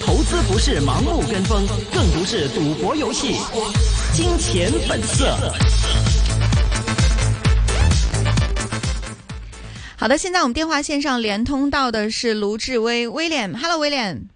投資不是盲目跟風，更不是賭博遊戲，金錢本色。好的，現在我們電話線上連通到的是盧志威，William。Hello，William。William.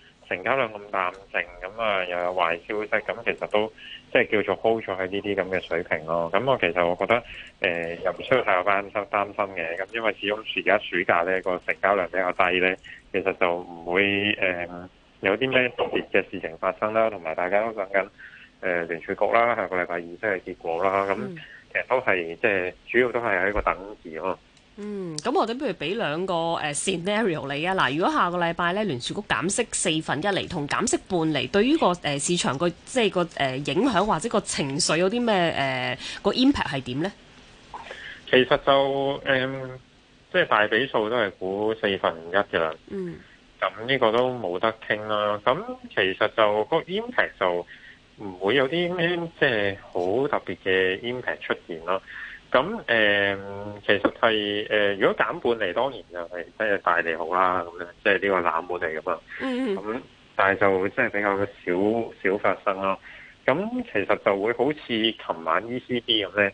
成交量咁淡靜，咁、嗯、啊又有壞消息，咁、嗯、其實都即係叫做 hold 咗喺呢啲咁嘅水平咯。咁、哦、我、嗯、其實我覺得誒又唔需要太過擔心擔心嘅，咁、嗯、因為始終而家暑假咧個成交量比較低咧，其實就唔會誒、呃、有啲咩特別嘅事情發生啦。同埋大家都等緊誒、呃、聯儲局啦，下個禮拜二即係結果啦。咁、嗯嗯、其實都係即係主要都係喺個等字咯。啊。嗯，咁我哋不如俾兩個誒、呃、scenario 你啊，嗱，如果下個禮拜咧聯儲局減息四分一厘，同減息半厘，對於個誒、呃、市場即個即係個誒影響或者個情緒有啲咩誒個 impact 係點咧？其實就誒，即、嗯、係、就是、大比數都係估四分一嘅啦。嗯，咁呢個都冇得傾啦。咁其實就、那個 impact 就唔會有啲咩即係好特別嘅 impact 出現啦。咁誒、呃，其實係誒、呃，如果減半嚟，當然就係即係大利好啦。咁咧，即係呢個冷門嚟噶嘛。咁，但係就真係比較少少發生咯。咁其實就會好似琴晚 ECB 咁咧，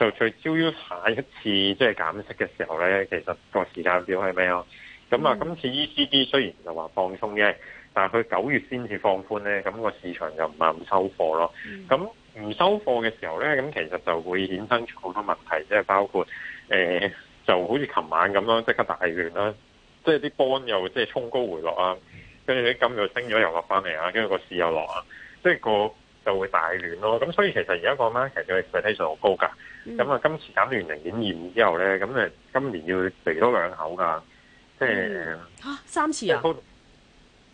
就聚焦於下一次即係、就是、減息嘅時候咧，其實個時間表係咩咯？咁啊，今次 ECB 雖然就話放鬆嘅，但係佢九月先至放寬咧，咁、那個市場就唔係咁收貨咯。咁唔收貨嘅時候咧，咁其實就會衍生出好多問題，即係包括誒、呃，就好似琴晚咁咯，即刻大亂啦，即係啲 bond 又即係衝高回落啊，跟住啲金又升咗又落翻嚟啊，跟住個市又落啊，即係個就會大亂咯。咁所以其實而家個 market 其實佢水位梯上好高㗎。咁啊、嗯，今次減完零點二五之後咧，咁誒今年要肥多兩口㗎，即係嚇、嗯啊、三次啊！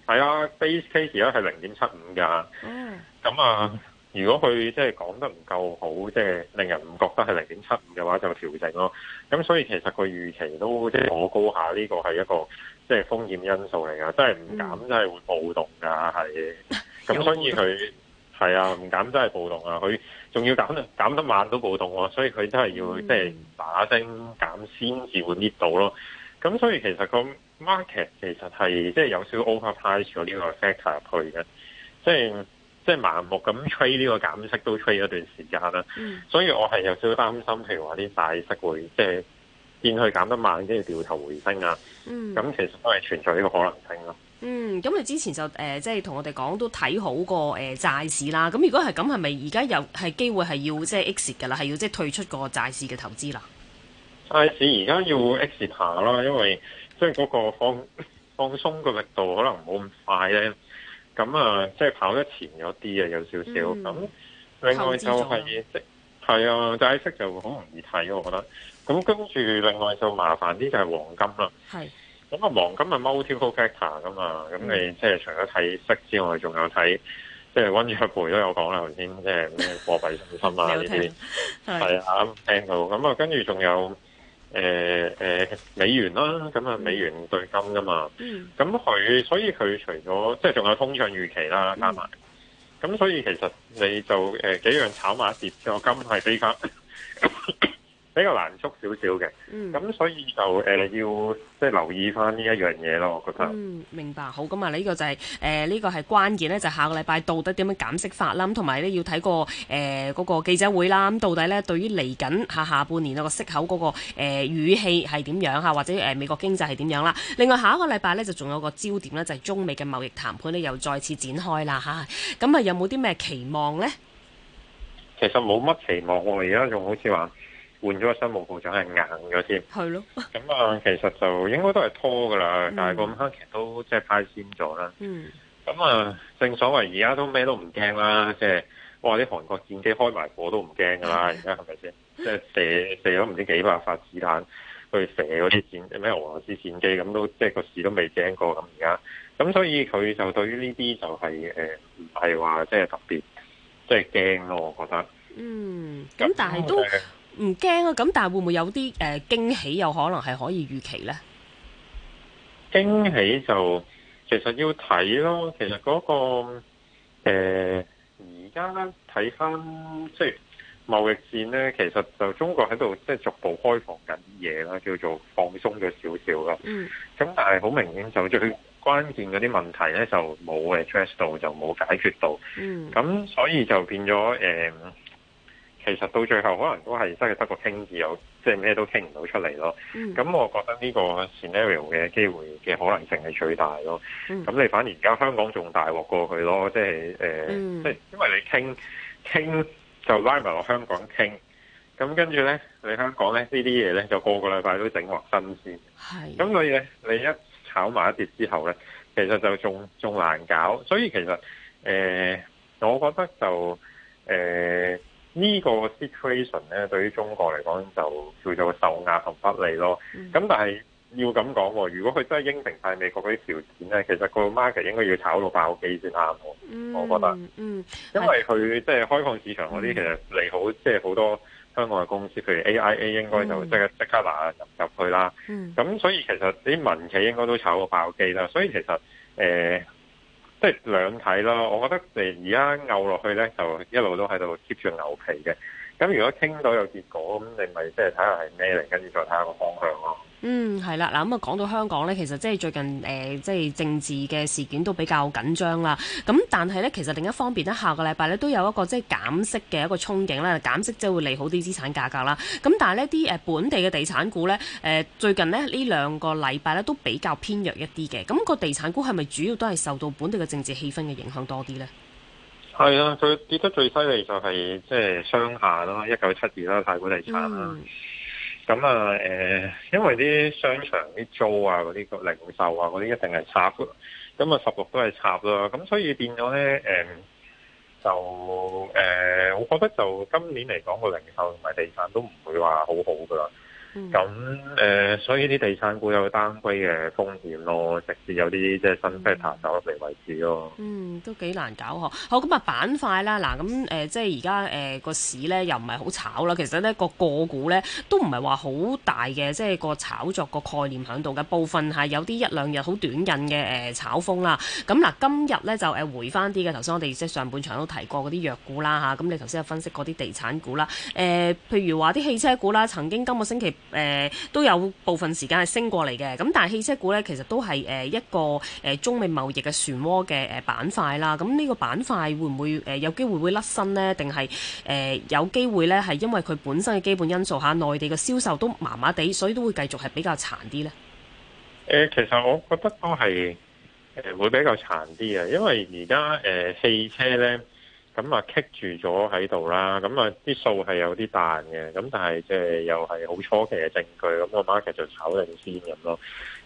係啊，base case 而家係零點七五㗎。嗯，咁啊。啊如果佢即係講得唔夠好，即係令人唔覺得係零點七五嘅話，就調整咯。咁所以其實個預期都即係過高下，呢個係一個即係風險因素嚟噶。真係唔減真係會暴動噶，係、嗯。咁所以佢係 啊，唔減真係暴動啊。佢仲要減，減得慢都暴動喎。所以佢真係要即係打聲減先至會搣到咯。咁所以其實個 market 其實係即係有少少 overprice 咗呢個 factor 入去嘅，即係。即係盲目咁吹呢個減息都吹咗一段時間啦，嗯、所以我係有少少擔心，譬如話啲債息會即係變去減得慢，跟住掉頭回升啊，咁、嗯、其實都係存在呢個可能性咯。嗯，咁你之前就誒，即係同我哋講都睇好個誒債市啦。咁如果係咁，係咪而家有係機會係要即係、就是、exit 噶啦？係要即係、就是、退出個債市嘅投資啦？債市而家要 exit 下啦，因為即係嗰個放放鬆個力度可能冇咁快咧。咁啊，即係跑得前咗啲啊，有少少。咁、嗯、 另外就係、是、息，係、嗯、啊，就債息就好容易睇，我覺得。咁跟住另外就麻煩啲就係黃金啦。係是。咁、嗯嗯、啊，黃金啊，multi-factor 噶嘛。咁你即係除咗睇息之外，仲有睇，即係溫卓培都有講啦，頭先即係咩貨幣信心啊呢啲。係啊，啱聽到。咁啊，跟住仲有。誒誒、呃呃、美元啦，咁、嗯、啊美元兌金噶嘛，咁、嗯、佢所以佢除咗即係仲有通脹預期啦加埋，咁、嗯、所以其實你就誒、呃、幾樣炒埋一碟，金係比較。 比較難縮少少嘅，咁、mm. 所以就誒、呃、要即係、就是、留意翻呢一樣嘢咯，我覺得。嗯，明白。好，咁、這個就是呃這個、啊，呢個就係誒呢個係關鍵咧，就下個禮拜到底點樣減息法啦，咁同埋咧要睇個誒個記者會啦，咁、啊、到底咧對於嚟緊下下半年啊個息口嗰、那個誒、呃、語氣係點樣吓，或者誒美國經濟係點樣啦。另外下一個禮拜咧就仲有個焦點咧就係中美嘅貿易談判咧又再次展開啦吓，咁啊，啊有冇啲咩期望咧？其實冇乜期望我哋而家仲好似話。換咗個新聞部長係硬咗添，係咯的。咁啊、嗯，其實就應該都係拖噶啦，但係個五其實都即係派先咗啦。嗯。咁啊，正所謂而家都咩都唔驚啦，即係哇啲韓國戰機開埋火都唔驚噶啦，而家係咪先？即係射射咗唔知幾百發子彈去射嗰啲戰咩俄羅斯戰機，咁都即係個市都未驚過咁而家。咁、嗯、所以佢就對於呢啲就係誒唔係話即係特別即係驚咯，我覺得。嗯。咁但係、嗯、是都。唔驚啊，咁但係會唔會有啲誒驚喜？有可能係可以預期呢？驚喜就其實要睇咯，其實嗰個誒而家睇翻即係貿易戰呢，其實就中國喺度即係逐步開放緊啲嘢啦，叫做放鬆咗少少咯。嗯。咁但係好明顯就最關鍵嗰啲問題呢，就冇 address 到，就冇解決到。嗯。咁所以就變咗誒。呃其實到最後，可能都係真係得個傾字，又即係咩都傾唔到出嚟咯。咁、嗯、我覺得呢個 scenario 嘅機會嘅可能性係最大咯。咁、嗯、你反而而家香港仲大鑊過佢咯，即係誒，呃嗯、即係因為你傾傾就拉埋落香港傾，咁跟住咧，你香港咧呢啲嘢咧就個個禮拜都整鑊新鮮。係是。咁所以咧，你一炒埋一碟之後咧，其實就仲仲難搞。所以其實誒、呃，我覺得就誒。呃呢個 situation 咧，對於中國嚟講就叫做受壓同不利咯。咁、嗯、但係要咁講、哦，如果佢真係應承晒美國嗰啲條件咧，其實個 market 應該要炒到爆機先啱、嗯、我覺得，嗯，嗯因為佢即係開放市場嗰啲，嗯、其實利好即係好多香港嘅公司，譬如 AIA 應該就即刻、嗯、即刻嗱入入去啦。咁、嗯、所以其實啲民企應該都炒到爆機啦。所以其實誒。呃即係兩睇咯，我覺得誒而家拗落去咧，就一路都喺度 keep 住牛皮嘅。咁如果傾到有結果，咁你咪即係睇下係咩嚟，跟住再睇下個方向咯、嗯。嗯，係啦，嗱，咁啊講到香港咧，其實即係最近誒，即、呃、係政治嘅事件都比較緊張啦。咁但係咧，其實另一方面咧，下個禮拜咧都有一個即係減息嘅一個憧憬啦。減息即係會利好啲資產價格啦。咁但係呢啲誒本地嘅地產股咧，誒、呃、最近呢，呢兩個禮拜咧都比較偏弱一啲嘅。咁、個地產股係咪主要都係受到本地嘅政治氣氛嘅影響多啲咧？係啊，最跌得最犀利就係、是、即係商廈啦，一九七二啦，太古地產啦。咁啊、嗯，誒、呃，因為啲商場啲租啊，嗰啲個零售啊，嗰啲一定係差噶。咁啊，十六都係插啦。咁所以變咗咧，誒、呃，就誒、呃，我覺得就今年嚟講，個零售同埋地產都唔會話好好噶啦。.咁誒，所以啲地產股有單規嘅風險咯，直至有啲即係新低彈手入嚟為止咯。嗯，嗯嗯都幾難搞嗬。好咁啊，板塊啦，嗱咁誒，即係而家誒個市咧又唔係好炒啦。其實呢個個股咧都唔係話好大嘅，即係個炒作個概念喺度嘅。部分係有啲一兩日好短印嘅誒炒風啦。咁、啊、嗱，今日咧就誒回翻啲嘅。頭先我哋即係上半場都提過嗰啲弱股啦吓。咁、啊、你頭先有分析過啲地產股啦，誒、啊，譬如話啲汽車股啦，曾經今個星期。誒、呃，都有部分時間係升過嚟嘅，咁但係汽車股呢，其實都係誒一個誒、呃、中美貿易嘅漩渦嘅誒板塊啦。咁呢個板塊會唔會誒、呃、有機會會甩身呢？定係誒有機會呢？係因為佢本身嘅基本因素吓，內地嘅銷售都麻麻地，所以都會繼續係比較殘啲呢？誒、呃，其實我覺得都係誒會比較殘啲啊，因為而家誒汽車呢。咁啊棘住咗喺度啦，咁啊啲數係有啲彈嘅。咁但係即係又係好初期嘅證據，咁個 market 就炒定先咁咯。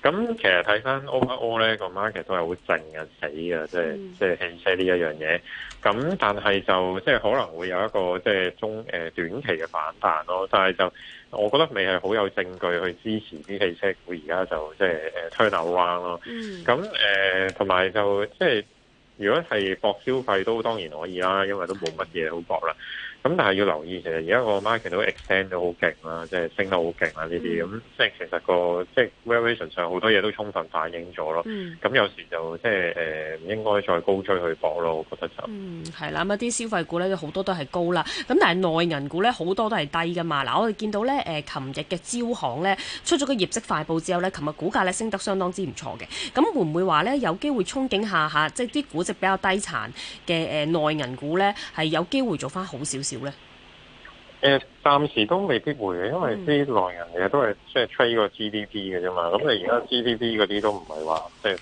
咁其實睇翻 OPO 咧，個 market 都係好靜嘅死嘅，即係即係汽車呢一樣嘢。咁但係就即係、即係、可能會有一個即係、即係、中誒、呃、短期嘅反彈咯，但係就我覺得未係好有證據去支持啲汽車股而家就即係誒推牛灣咯。咁誒同埋就即係。如果係博消費都當然可以啦，因為都冇乜嘢好博啦。咁但係要留意，其實而家個 market 都 extend 咗好勁啦，即係升得好勁啦，呢啲咁，即係其實個即係 valuation 上好多嘢都充分反映咗咯。咁、嗯、有時就即係唔應該再高追去搏咯，我覺得就係啦。咁一啲消費股咧，好多都係高啦。咁但係內銀股咧，好多都係低噶嘛。嗱，我哋見到咧，誒、呃，琴日嘅招行咧出咗個業績快報之後咧，琴日股價咧升得相當之唔錯嘅。咁會唔會話咧有機會憧憬下下，即係啲估值比較低殘嘅誒內銀股咧，係有機會做翻好少少？咧誒，暫時都未必會嘅，因為啲內人其實都係即係吹個 GDP 嘅啫嘛。咁、就是、你而家 GDP 嗰啲都唔係話即係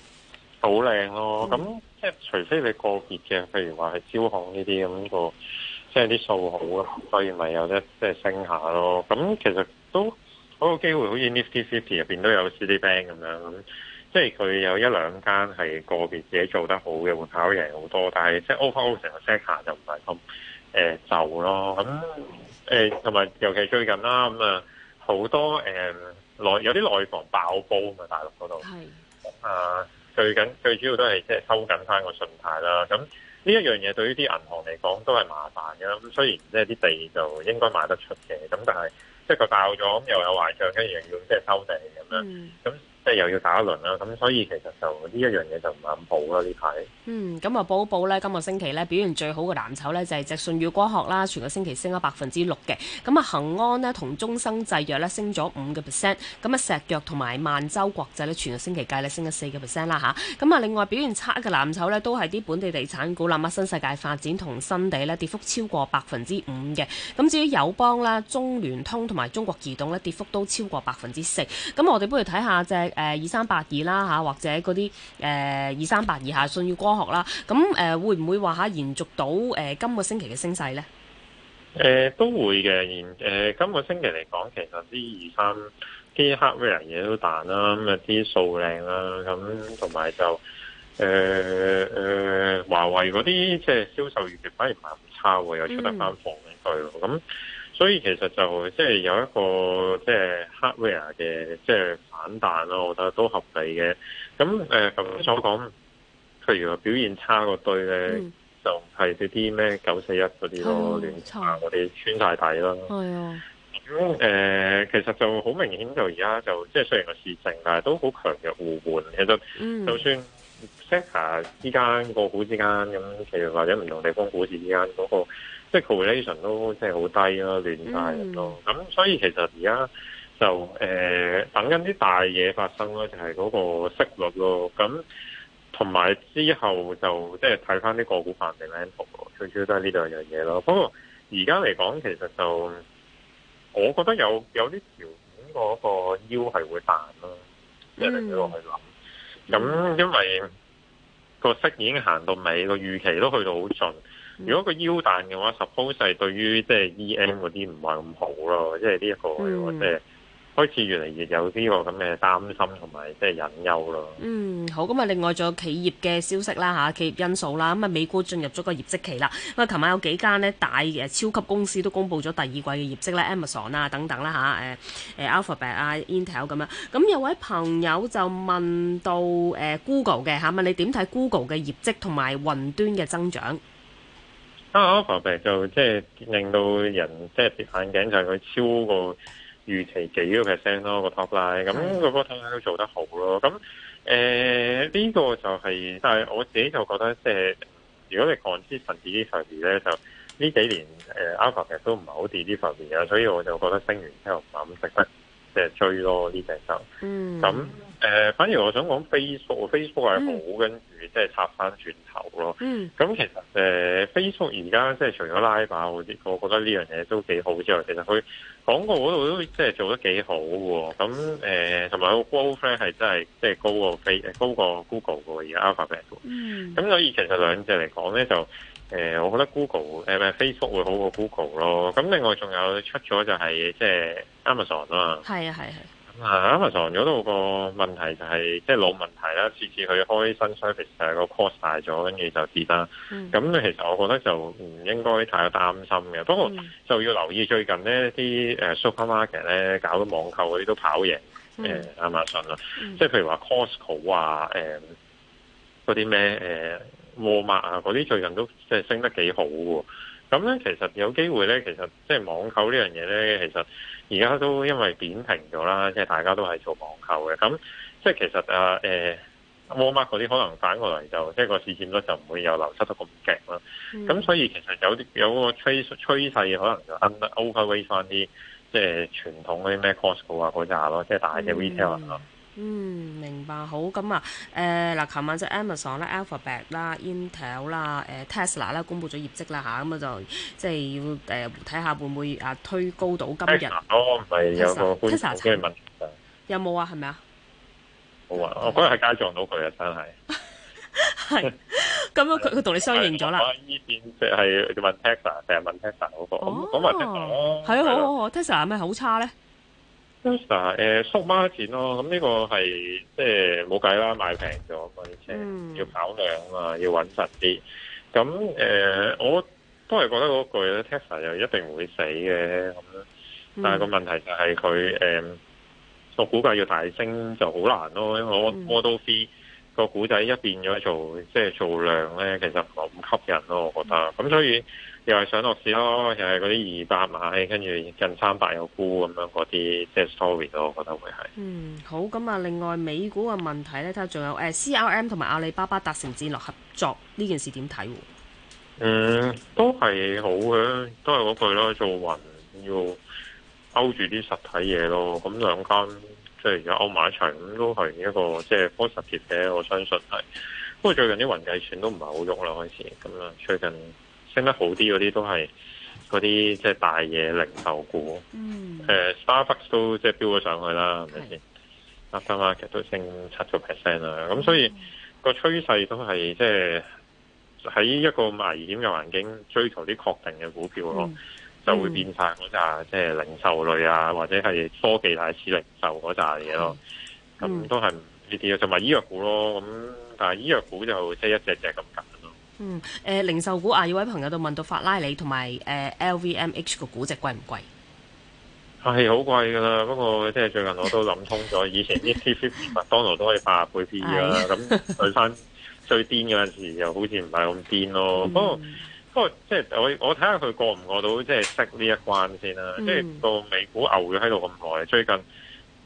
好靚咯。咁即係除非你個別嘅，譬如話係招行呢啲咁個，即係啲數好啊，所以咪有得即係、就是、升下咯。咁其實都好有機會，好似 Nifty Fifty 入邊都有 Citibank 咁樣，即係佢有一兩間係個別自己做得好嘅，會跑贏好多。但係即係 overall 成個 set 下就唔係咁。誒、呃、就咯，咁誒同埋，尤其最近啦，咁啊好多誒內、呃、有啲內房爆煲啊，大陸嗰度，係是啊，最緊最主要都係即係收緊翻個信貸啦。咁呢一樣嘢對於啲銀行嚟講都係麻煩嘅。咁雖然即係啲地就應該賣得出嘅，咁但係即係佢爆咗，咁又有壞賬，跟住又要即係收地咁樣，咁、嗯。即係又要打一輪啦，咁所以其實就呢一樣嘢就唔係咁好啦，呢排、嗯。嗯，咁啊，報一報呢，今個星期呢表現最好嘅藍籌呢，就係隻舜宇光學啦，全個星期升咗百分之六嘅。咁啊，恆安呢同中生製藥呢升咗五個 percent。咁啊，石藥同埋萬洲國際呢，全個星期計呢升咗四個 percent 啦吓，咁啊，另外表現差嘅藍籌呢，都係啲本地地產股啦，乜新世界發展同新地呢，跌幅超過百分之五嘅。咁至於友邦啦、中聯通同埋中國移動呢，跌幅都超過百分之四。咁、嗯、我哋不如睇下隻。誒二三八二啦嚇，或者嗰啲誒二三八二下信譽科學啦，咁誒會唔會話嚇延續到誒今個星期嘅升勢咧？誒都會嘅，然誒今個星期嚟講，其實啲二三啲黑 a r 嘢都彈啦，咁啊啲數靚啦，咁同埋就誒誒華為嗰啲即係銷售預期反而唔係咁差喎，又出得翻房。咁樣咁。所以其實就即係有一個即係 hardware 嘅即係反彈咯，我覺得都合理嘅。咁誒，頭先、呃、所講，譬如話表現差個對咧，嗯、就係啲啲咩九四一嗰啲咯，連串、嗯、我哋穿曬底咯。係啊，誒，其實就好明顯就就，就而家就即係雖然個市靜，但係都好強弱互換，其實、就是嗯、就算 sector 之間、個股之間，咁譬如或者唔同地方股市之間嗰、嗰個。嗰個即係 correlation 都即係好低咯、啊，亂曬咯。咁所以其實而家就誒、呃、等緊啲大嘢發生咯、啊，就係、是、嗰個息率咯、啊。咁同埋之後就即係睇翻啲個股 fundamental 咯，最主要都係呢兩樣嘢咯。不過而家嚟講，其實就我覺得有有啲條件嗰個腰係會彈咯、啊，即係喺度去諗。咁、嗯、因為個息已經行到尾，個預期都去到好盡。如果個腰彈嘅話，suppose 係對於即係 E.M. 嗰啲唔係咁好咯，即係呢一個即係開始越嚟越有呢個咁嘅擔心同埋即係隱憂咯。嗯，好咁啊！另外仲有企業嘅消息啦，嚇企業因素啦，咁啊，美股進入咗個業績期啦。咁啊，琴晚有幾間咧大嘅超級公司都公布咗第二季嘅業績咧，Amazon 啊等等啦嚇，誒誒 Alphabet 啊，啊，Alphabet，啊，Intel 咁樣。咁有位朋友就問到誒 Google 嘅嚇問你點睇 Google 嘅業績同埋雲端嘅增長。啊 AlphaPair 就即係令到人即係跌眼鏡，就係佢超過預期幾個 percent 咯，個 top line，咁個個睇 o 都做得好咯。咁誒呢個就係，但係我自己就覺得即係如果你講資產啲方面咧，就呢幾年誒 AlphaPair 都唔係好掂啲方面啊，所以我就覺得升完之後唔係咁值得。即係追咯呢隻手，咁誒、呃，反而我想講 Facebook，Facebook 係好，跟住即係插翻轉頭咯。咁、嗯、其實誒、呃、Facebook 而家即係除咗拉爆拉把啲，我覺得呢樣嘢都幾好之外，其實佢廣告嗰度都即係做得幾好。咁誒，同埋個 Google friend 係真係即係高過 Face，高過 Google 嘅而家 Alphabet。咁 Al、嗯、所以其實兩隻嚟講咧就。誒、呃，我覺得 Google 誒、呃、唔 Facebook 會好過 Google 咯。咁另外仲有出咗就係即係 Amazon 啊嘛。係啊，係係。咁 Amazon 嗰度個問題就係即係老問題啦。次次佢開新 service 就個 cost 大咗，跟住就跌啦。咁、嗯嗯嗯、其實我覺得就唔應該太擔心嘅。不過就要留意最近呢啲誒 supermarket 咧搞咗網購嗰啲都跑贏誒、呃、Amazon 啦、啊。嗯嗯、即係譬如話 Costco 啊誒嗰啲咩誒。呃 Walmart 啊，嗰啲最近都即係升得幾好喎。咁咧其實有機會咧，其實即係網購呢樣嘢咧，其實而家都因為扁平咗啦，即係大家都係做網購嘅。咁即係其實啊，誒 Walmart 嗰啲可能反過來就即係個市佔率就唔會有流失得咁勁咯。咁、mm hmm. 所以其實有啲有個趨趨勢可能就 under overweight 翻啲，即係傳統嗰啲咩 Costco 啊嗰扎咯，即係大隻 retail 啊、er。Mm hmm. 嗯，明白。好咁啊，誒嗱，琴晚，只 Amazon 啦、Alphabet 啦、Intel 啦、誒 Tesla 啦，公布咗業績啦吓，咁啊就即係要誒睇下會唔會啊推高到今日。哦，Tesla 唔係有個虧損傳聞？有冇啊？係咪啊？冇啊！我嗰日喺街撞到佢啊，真係。係，咁樣佢佢同你相認咗啦。我呢邊即係問 Tesla，定係問 Tesla 嗰個？咁嚟聽講，係啊，好好好，Tesla 係咪好差咧？Tesla 誒、呃、縮孖展咯，咁、嗯、呢、嗯嗯、個係即係冇計啦，賣平咗嗰啲車，要跑量啊嘛，要穩實啲。咁誒我都係覺得嗰句咧，Tesla 又一定會死嘅咁。但係個問題就係佢誒，我估計要大升就好難咯，因為我 Model Three 個股仔一變咗做即係做量咧，其實唔係咁吸引咯，我覺得。咁所以。嗯嗯嗯又係上落市咯，又係嗰啲二百買，跟住近三百又沽咁樣嗰啲，即係 story 咯，我覺得會係。嗯，好咁啊！另外美股嘅問題咧，睇下仲有誒、呃、C R M 同埋阿里巴巴達成戰略合作呢件事點睇喎？嗯，都係好嘅，都係嗰句啦，做雲要勾住啲實體嘢咯。咁兩間即係而家勾埋一齊，咁都係一個即係科技嘅，我相信係。不過最近啲雲計算都唔係好喐啦，開始咁啊、嗯，最近。升得好啲嗰啲都係嗰啲即係大嘢零售股，誒、嗯、Starbucks、啊、都即係飆咗上去啦，係咪先？阿 Starbucks 都升七個 percent 啦，咁所以個趨勢都係即係喺一個危險嘅環境，追求啲確定嘅股票咯，嗯、就會變曬嗰扎即係零售類啊，或者係科技大市零售嗰扎嘢咯，咁都係呢啲啊，同埋醫藥股咯，咁但係醫藥股就即係一隻隻咁㗎。嗯，誒、呃，零售股啊，有位朋友就問到法拉利同埋誒 LVMH 個估值貴唔貴？係好貴噶啦，不過即係最近我都諗通咗，以前啲 tips 麥當勞都可以拍廿倍 P 啦，咁是、啊、對上最癲嗰陣時又好似唔係咁癲咯。嗯、不過，看看過不過即係我我睇下佢過唔過到即係識呢一關先啦。嗯、即係到美股牛咗喺度咁耐，最近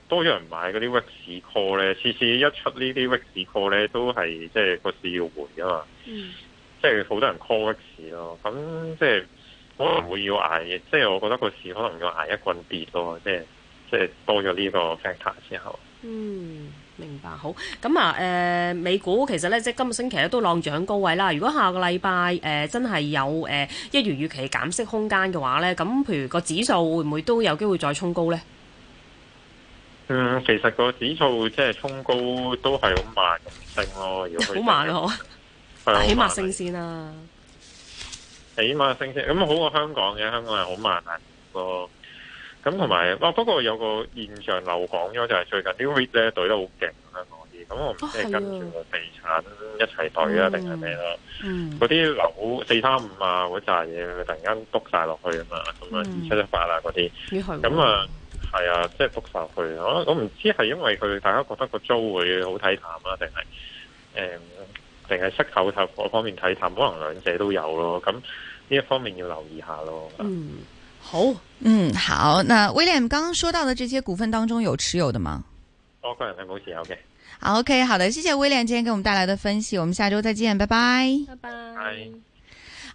多咗人買嗰啲 VIX call 咧，次次一出呢啲 VIX call 咧都係即係個市要回啊嘛。即係好多人 call 一次咯，咁即係可能會要捱，即係我覺得個市可能要捱一棍跌咯，即係即係多咗呢個 factor 之後。嗯，明白。好，咁啊，誒、呃，美股其實咧，即係今個星期咧都晾住喺高位啦。如果下個禮拜誒真係有誒、呃、一如預期減息空間嘅話咧，咁譬如個指數會唔會都有機會再衝高咧？嗯，其實個指數即係衝高都係好慢升咯， 好慢咯。起碼升先啦、啊，起碼升先咁好過香港嘅，香港係好慢啊個。咁同埋，哇、啊！不過有個現象流行咗就係、是、最近啲 rate 咧，對得好勁香港啲。咁我唔知跟住地產一齊對啊定係咩咯？嗰啲、啊嗯、樓四三五啊嗰扎嘢，突然間篤晒落去啊嘛，咁啊二七一八啦嗰啲。咁啊，係、嗯、啊，即係篤曬落去。啊、我我唔知係因為佢大家覺得個租會好睇淡啊，定係誒？嗯定係息口頭各方面睇，探，可能兩者都有咯。咁呢一方面要留意下咯。嗯，好，嗯，好。那 William 剛剛說到嘅這些股份當中，有持有的嗎？多個、哦、人係冇持有嘅。OK 好，OK，好的，謝謝 William 今天給我們帶來的分析，我們下週再見，拜拜。拜拜 bye。